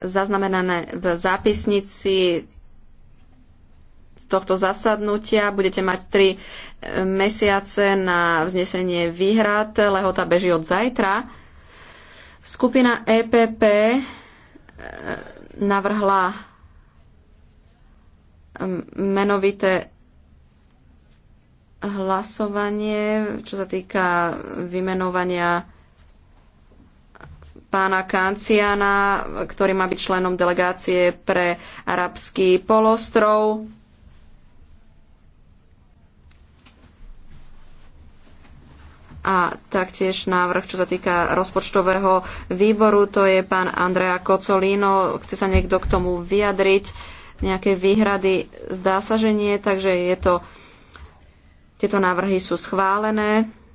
zaznamenané v zápisnici z tohto zasadnutia. Budete mať tri e, mesiace na vznesenie výhrad. Lehota beží od zajtra. Skupina EPP e, navrhla menovité hlasovanie, čo sa týka vymenovania pána Kanciana, ktorý má byť členom delegácie pre arabský polostrov. a taktiež návrh, čo sa týka rozpočtového výboru, to je pán Andrea Kocolino. Chce sa niekto k tomu vyjadriť? Nejaké výhrady? Zdá sa, že nie, takže je to, tieto návrhy sú schválené.